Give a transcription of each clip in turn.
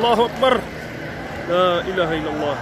الله أكبر لا إله إلا الله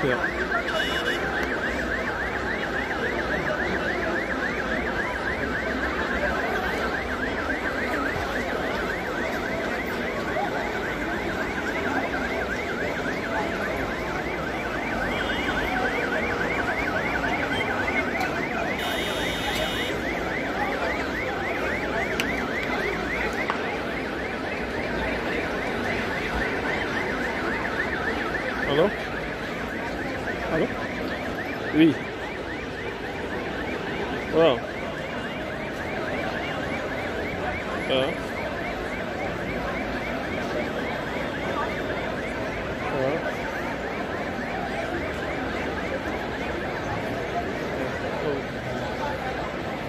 pit. Hello? Ah bon Oui. Wow. Ah. ah.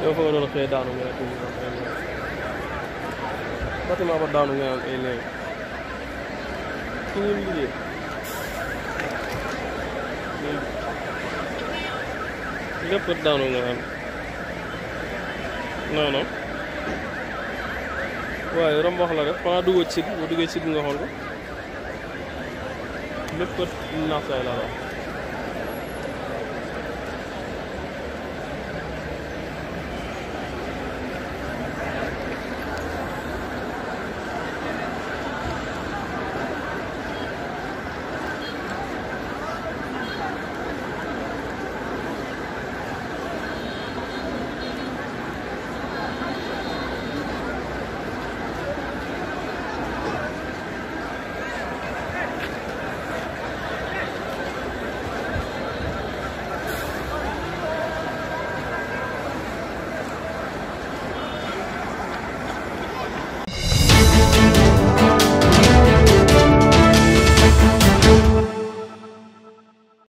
Eu vou nog geen down om te doen. Wat is maar wat down om te doen? lépp daanu nga xam non waaye romb wax la def xanaa duggoo sit boo duggee sit nga xool ko lépp naafsaay la la